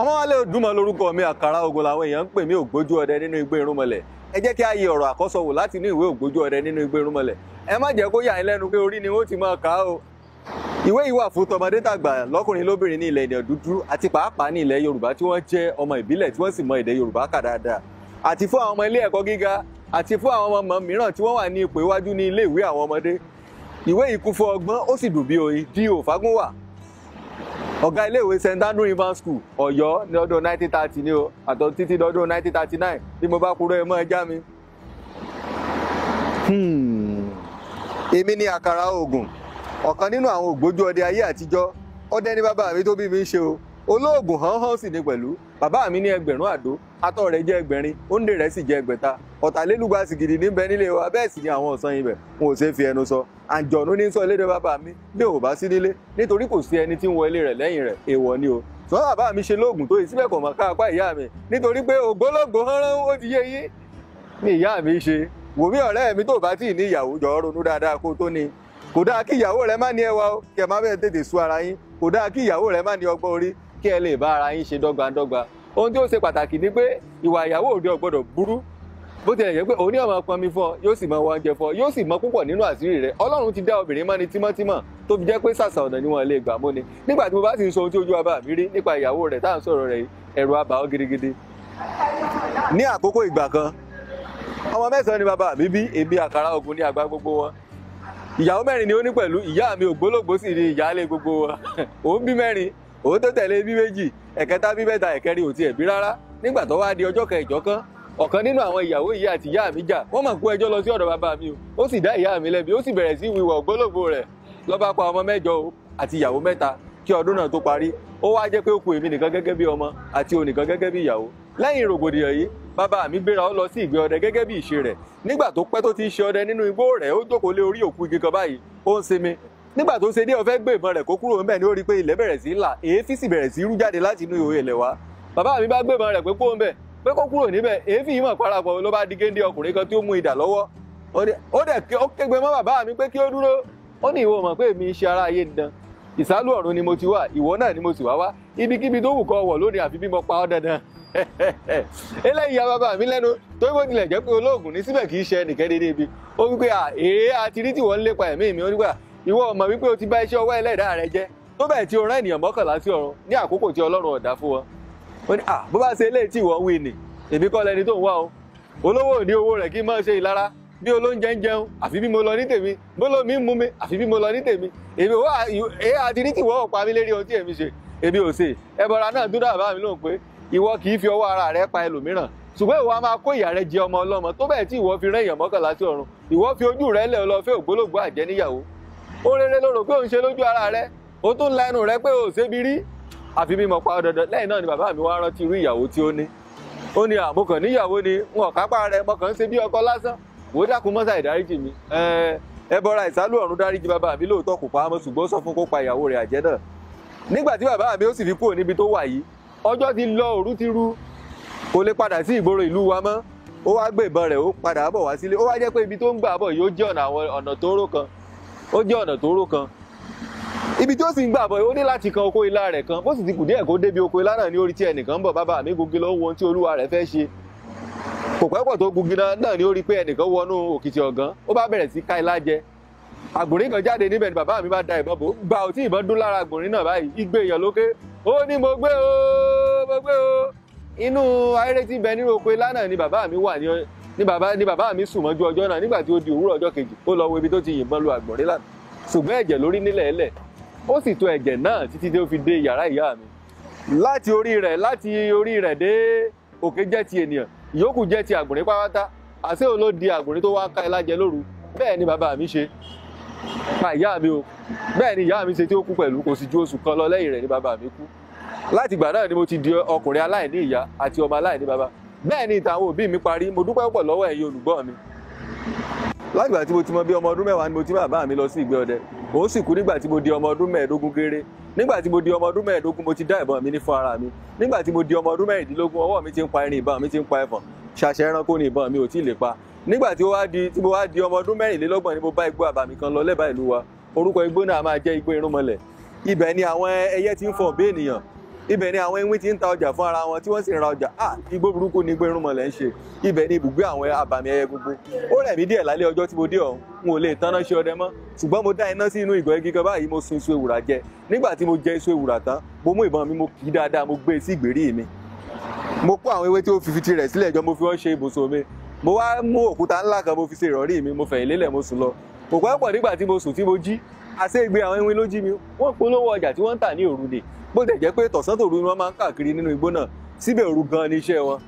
ọmọ wa lè dùnmọ̀ lórúkọ mi àkàrà ògo làwọn èèyàn ń pè mí ògbójú ọdẹ nínú igbó irúnmọlẹ̀ ẹ jẹ́ kí a yẹ̀ ọ̀rọ̀ àkọ́sọ wò láti inú ìwé ògbójú ọdẹ nínú igbó irúnmọlẹ̀ ẹ má jẹ́ kó yà yín lẹ́nu pé orí ni wọ́n ti máa kà á o. ìwé yìí wà fún tọmọdé tàgbà lọ́kùnrin lóbìnrin ní ilẹ̀ èdè dúdú àti pàápàá ní ilẹ̀ yorùbá tí wọ́n jẹ́ ọmọ ìbílẹ̀ tí wọ́n sì mọ èdè yorùbá kà dáadáa àti fún àwọn ọmọ ilé ẹ̀kọ́ gíga àti fún àwọn ọmọ mìíràn tí wọ́n wà ní ipò iwájú ní ọ̀gá iléèwé st andrew river school ọ̀yọ́ ní ọdún 1930 ni o àtọ̀ títí dọ́dún 1939 bí mo bá kúrò ẹ̀ mọ́ ẹja mi. Hmm. èmi ni àkàrà oògùn ọ̀kan nínú àwọn ògbójú ọdẹ ayé àtijọ́ ọdẹ ní bàbá mi tó bí mi ń ṣe o olóògùn hánhán sì ni pẹ̀lú bàbá mi ní ẹgbẹ̀rún àdó atọ́ rẹ̀ jẹ́ ẹgbẹ̀rin òǹdè rẹ̀ sì jẹ́ ẹgbẹ̀ta ọ̀tàlélúgba sìgìdì níbẹ̀ nílé wa bẹ́ẹ̀ sì ni àwọn ọ̀sán yìí bẹ̀ wọn ò ṣe é fi ẹnu sọ àǹjọ̀nú ní sọ ilédè bàbá mi bí ò bá sí nílé nítorí kò sí ẹni tí ń wọ ilé rẹ̀ lẹ́yìn rẹ̀ èèwọ̀ ni o sọ bàbá mi ṣe lóògùn tó yìí síbẹ̀ kò mọ̀ ká apá ìyá mi nítorí pé ògbólógbò hánrán ó ti yé ni ìyá mi ṣe wòmí ọ̀rẹ́ mi tó bá tí ì ní ìyàwó jọ kò dáa kí ìyàwó rẹ má ní ẹwà o kí ẹ má bẹ́ẹ̀ tètè sú ara yín kò dáa kí ìyàwó rẹ má ní ọgbọ́n orí kí ẹ lè bá ara yín ṣe dọ́gbandọ́gba ohun tí ó ṣe pàtàkì ni pé ìwà ìyàwó òde ò gbọ́dọ̀ burú bó tilẹ̀ jẹ́ pé òun ní ọmọ pọnmi fún ọ yóò sì mọ oúnjẹ fún ọ yóò sì mọ púpọ̀ nínú àṣírí rẹ ọlọ́run ti dá obìnrin mọ́ ni tímọ́tímọ́ tó fi jẹ́ pé sàṣà ọ̀nà ni wọ́n lè gbà mọ́ni nígbà tí mo bá sì ń sọ ohun tí ojú abá mi rí nípa ìyàwó rẹ̀ tá à ń sọ̀rọ̀ rẹ̀ ẹ̀rù abà ọ́ gidigidi. ní àkókò ìgbà kan ọmọ mẹ́sàn-án ni bàbá mi bí èmi àkàrà ogun ní àgbá gbogbo wọn ìyàwó mẹ́rin ni ó ní pẹ̀lú ìyá mi ògbólógbòó sì ni ìyáálé gbogbo wọn òun bí mẹ́rin òun tó tẹ̀lé bí méjì ẹ̀kẹta bí mẹ́ta ẹ̀kẹrin ò tiẹ̀ bí rárá nígbà tó wá di ọjọ́ kẹjọ kan ọ̀kan nínú àwọn ìyàwó ìyá àti ìyá mi jà wọ́n mà kó ẹjọ́ lọ sí ọ̀dọ̀ bàbá mi o ó sì dá ìyá mi lẹ́bi ó sì bẹ̀rẹ̀ sí ìwìwà ògbólógbò rẹ̀ ló bá pa ọmọ mẹ́jọ o àti ìyàwó mẹ́ta kí ọdún náà tó parí ó wá jẹ́ pé ó ku èmi nìkan gẹ́gẹ́ bí ọmọ àti onìkan gẹ́gẹ́ bí ìyàwó lẹ́yìn rògbòdìyàn yìí bàbá mi gbéra ó lọ sí ìgbé ọdẹ gẹ́gẹ́ bí ìṣe rẹ̀ nígbà tó pẹ́ tó ti ń ṣe ọdẹ nínú igbó rẹ̀ ó jókòó lé orí òkú igi kan báyìí ó ń sinmi nígbà tó ṣe dé ó fẹ́ gbé ìbọn rẹ̀ kó kúrò ńbẹ̀ ni ó rí i pé ilẹ̀ bẹ̀rẹ̀ sí là èéfín sì bẹ̀rẹ̀ sí rú jáde láti inú ihò ilẹ̀ wa bàbá mi bá gbé ìbọn rẹ̀ pé kó ńbẹ̀ pé kó kúrò níbẹ̀ èéfín yìí mọ̀ parapọ̀ ló bá di géńdé ọkùnrin kan tí ó mú idà lọ́wọ́ ó dẹ̀ ó kégbe mọ́ bàbá mi pé kí ó dúró ó ní ìwọ mọ̀ pé èmi iṣẹ́ ara ayé nìdan ìsálú ọ̀run ni mo ti wà ìwọ náà ni mo sì wá wá ibikíbi tó wù kọ́ wọ̀ lónìí àfi bí mo pa ọ́ dandan eléyìí ababa mi lẹ́nu tó bó tilẹ̀ jẹ́ pé olóògùn ní síbẹ̀ kì í ṣe ẹnìkan dédé bi ó wí à èé àti rí lépa ẹ̀mí mi ó nígbà ìwọ ò mọ̀ wípé o ti bá iṣẹ́ ọwọ́ ẹlẹ́dàá rẹ jẹ́ tó bẹ́ẹ̀ tí o rán ènìyàn mọ́kànlá sí ọ̀run ní àkókò tí ọlọ́run ọ̀dá fún wọn. ó ní à bó bá ṣe eléyìí tí ìwọ ń wí nì èmi kọ́ lẹni tó ń wá o olówó ò ní owó rẹ̀ kí n máa ṣe ìlara bí olóúnjẹ ń jẹun àfi bí mo lọ ní tèmi bólómi ń mú mi àfi bí mo lọ ní tèmi èmi wá ẹ àti ní tìwọ́ ọ̀pá mi lérí ohun tí èmi ṣe èmi ò ṣe ẹbọra náà dúdú àbá mi lóhùn pé ìwọ kì í fi ọwọ́ ara rẹ pa ẹlòmíràn ṣùgbọ́n ìwọ a máa kó ìyà rẹ jẹ ọmọ ọlọ́mọ tó bẹ́ẹ̀ tí ìwọ fi rán èèyàn sí ọ̀run ìwọ fi ojú rẹ lẹ̀ lọ fẹ́ ògbólógbòó àjẹ́ níyàwó ó rere ló rò pé òun ṣe lójú ara rẹ ó tún la ẹnu rẹ pé ò ṣébi rí àfi bí mo pa ọ dandan lẹ́yìn náà ni bàbá mi wá rántí irú ìyàwó tí ó ní ó ní àmọ́ níyàwó ni n ò kápá rẹ mo kàn ń ṣe bí ọkọ lásán wò ó dákun mọ́sà ìdáríjì mi ẹ bọra ìsálú ọ̀run dáríjì bàbá mi lóòótọ́ kò pa á mọ́ ṣùgbọ́n sọ fún kó pa ìyàwó rẹ̀ àjẹ́ náà nígbà tí bàbá mi ó sì fi kúrò níbi tó wà yìí ọjọ́ ti lọ òru ti ru kò lè padà sí ìgboro ìlú wa mọ́ ó wá gbé ìbọn rẹ̀ ó padà bọ̀ wá sílé ó wá jẹ́ pé ibi tó ń gbà bọ̀ yóò jẹ́ ọ̀nà àwọn ọ̀nà tóóró kan ó jẹ́ ọ̀nà tó ró kan ibi tí ó sì ń gbà bọ̀ ó ní láti kan oko ilá rẹ̀ kan bó sì ti kù díẹ̀ kó débi oko ilá náà ní orí tí ẹnìkan ń bọ̀ bàbá mi gungi ló ń wo ohun tí olúwa rẹ̀ fẹ́ ṣe kò pẹ́pọ̀ tó gungi náà ní orí pé ẹnìkan wọnú òkìtì ọ̀gán ó bá bẹ̀rẹ̀ sí ká ilá jẹ àgbòrín kan jáde níbẹ̀ ni bàbá mi bá da ìbọn bò gba òtí ìbọn dún lára àgbòrín náà báyìí igbe èèyàn lókè ó ní mo gbé o mo gbé o inú ayérètí bẹ nínú oko ilá náà ni bàbá mi wà ní ní bàbá ní bàbá mi sùn mọ́jú ọjọ́ náà nígbà tí ó di òwúrọ̀ ọjọ́ kejì ó lọ wo ibi tó ti yìnbọn lu àgbọ̀nrín lánàá ṣùgbọ́n ẹ̀jẹ̀ lórí nílẹ̀ ẹlẹ̀ ó sì tò ẹ̀jẹ̀ náà títí tí ó fi dé yàrá ìyá mi láti orí rẹ̀ láti orí rẹ̀ dé òkè jẹ́ ti ènìyàn ìyókù jẹ́ ti àgbọ̀nrín pátá àṣé òun ló di àgbọ̀nrín tó wá ká ẹ lájẹ lóru bẹ́ẹ̀ ni bàbá mi ṣe pa ìyá mi o bẹ́ẹ̀ ni ìyá mi ṣe tí ó kú pẹ̀lú kò sì ju oṣù kan lọ lẹ́yìn rẹ̀ ni bàbá mi kú láti ìgbà náà ni mo ti di ọkùnrin aláìní ìyá àti ọmọ aláìní bàbá bẹ́ẹ̀ ni ìtàwọn òbí mi parí mo dúpẹ́ pọ̀ lọ́wọ́ ẹ̀yin olùgbọ́ mi lágbà tí mo ti mọ bí ọmọ ọdún mẹ́wàá ni mo ti bá bàbá mi lọ sí ìgbẹ́ ọdẹ òun sì kú nígbà tí mo di ọmọ ọdún mẹ́ẹ̀ẹ́dógún géré nígbà tí mo di ọmọ ọdún mẹ́ẹ̀ẹ́dógún mo ti dá ìbọn mi ní fún ara mi nígbà tí mo di ọmọ ọdún mẹ́ẹ̀ẹ́dínlógún ọwọ́ mi ti ń pa irin ìbọn mi ti ń pa ẹfọ̀n ṣàṣẹ ẹranko ni ìbọn mi ò tí ì lè pa nígbà tí mo wá di tí mo wá di ọmọ ọdún mẹ́rìnlélọ́gbọ̀n ni mo bá igbó àbàmì kan lọ lẹ́bàá ìlú wa orúkọ igbó náà máa jẹ́ igbó irúnmọlẹ̀ ibẹ̀ ni àwọn ẹyẹ ti ń fọ̀n bí ènìyàn ibẹ̀ ni àwọn ewé ti ń ta ọjà fún ara wọn tí wọ́n sì ń ra ọjà ah igbó burúkú ni igbó irúnmọlẹ̀ ń ṣe ibẹ̀ ni ibùgbé àwọn abàmì ẹyẹ egungun ó rẹ̀ mí díẹ̀ lálẹ́ ọjọ́ tí mo dé ọ̀hún n ò lè tanná ṣe ọdẹ mọ́ ṣùgbọ́n mo dá iná sí inú ìgò igi kan báyìí mo sun iṣu ewùrà jẹ nígbà tí mo jẹ iṣu ewùrà tán mo mú ìbọn mi mo kì í dáadáa mo gbé e sí ìgbèrí mi mo kó àwọn ewé tí ó fi fi tirẹ̀ sílẹ̀ bó tẹ̀ jẹ́ pé tọ̀sán tòru ni wọ́n máa ń káàkiri nínú igbó náà síbẹ̀ òru gan ni iṣẹ́ wọn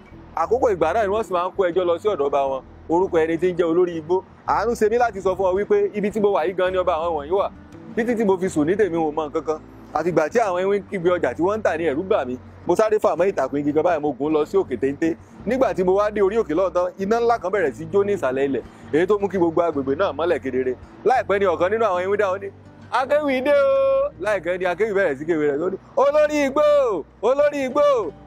àkókò ìgbà náà ni wọ́n sì máa ń kó ẹjọ́ lọ sí ọ̀dọ̀ ọba wọn orúkọ ẹni tí ń jẹ́ olórí igbó àánú ṣe mí láti sọ fún ọ wípé ibi tí mo wà yìí gan ni ọba àwọn wọ̀nyí wà títí tí mo fi sùn ní tèmi ò mọ nǹkan kan àtìgbà tí àwọn ewé ń kígbe ọjà tí wọ́n ń tà ní ẹ̀rú bà mí mo sáré fàmọ́ ìtàkùn igi ìjọba mo gùn lọ sí òkè téńté nígbà tí mo wá dé orí òkè lọ́ọ̀tán iná ńlá kan bẹ̀rẹ̀ sí jó ní ìsàlẹ̀ ilẹ̀ èyí tó mú kí gbogbo agbègbè náà mọ́lẹ̀ kedere láìpẹ́ ni ọ̀kan nínú àwọn ewé dáhùn ní akéwì o láìpẹ́ ni akéwì bẹ̀rẹ̀ sí kéwì rẹ̀ lórí olórí igbó olórí igbó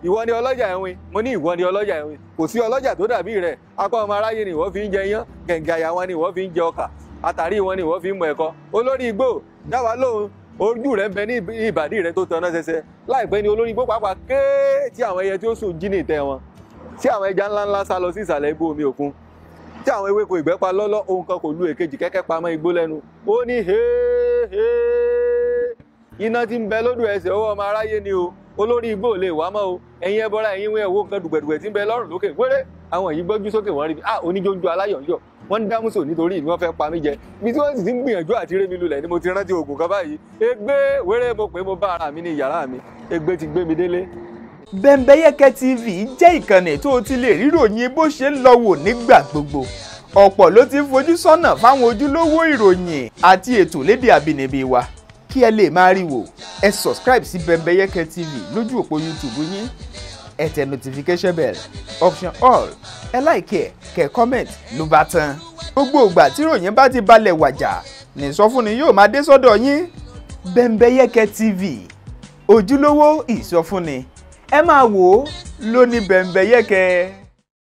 ìwọ ni ọlọ́jà ẹ̀wìn mo ní ìwọ ni ọlọ́jà ẹ̀wìn kò sí ọlọ́jà tó dàbí rẹ̀ apá ọmọ aráyé ni ìwọ fi ń jẹ iyán gẹ̀ǹgẹ̀ àyà wọn ni ìwọ fi ń jẹ ọkà àtàrí wọn ni ìwọ fi ń mọ ẹ̀kọ olórí igbó dá wa ojú rẹ ń bẹ ní ìbàdí rẹ tó tanná ṣẹṣẹ láìpẹ́ ni olórí igbó pàápàá kéé tí àwọn ẹyẹ tí ó sùn jí ní ìtẹ́ wọn tí àwọn ẹja ńláńlá sá lọ sí ìsàlẹ̀ ibú omi òkun tí àwọn ewéko ìgbẹ́pá lọ́lọ́ ohun kan kò lu èkejì kẹ́kẹ́ pamọ́ igbó lẹ́nu ó ní hee iná ti ń bẹ lódò ẹsẹ̀ owó ọmọ aráyé ni o olórí igbó ò lè wá mọ́ o ẹ̀yin ẹbọra ẹ̀yin wọ́n ẹ̀wọ́ nǹkan dùgbẹ̀dùgbẹ̀ tí ń bẹ lọ́rùn lókè wéré àwọn èyí gbójú sókè wọ́n rí mi ah oníjójú aláyọ̀yọ̀ wọ́n ń dámúsò nítorí ìlú wọn fẹ́ pa mí jẹ bí tí wọ́n sì ti ń gbìyànjú àti rémi lulẹ̀ ni mo ti rántí oògùn kan báyìí ègbé wéré mo pé mo bá ara mi ní yàrá mi ègbé ti gbé mi délé Bembeyeke TV jẹ́ ìkànnì tó o ti lè rí bó ṣe ń lọ wò nígbà gbogbo ọ̀pọ̀ ló ti ń fojú sọ́nà fáwọn ojúlówó ìròyìn àti ètò lédè àbínibí wa kí ẹ lè máa rí wò ẹ subscribe sí Bembeyeke TV lójú òpó YouTube yín ẹ tẹ notification bell option all ẹ like ẹ kẹ comment ló bá tán gbogbo ìgbà tí ròyìn bá ti balẹ̀ wàjà ní ìsọfúnni yóò máa dé sọ́dọ̀ yín Bembeyeke TV ojúlówó ìsọfúnni ẹ máa wò ó lóní Bembeyeke.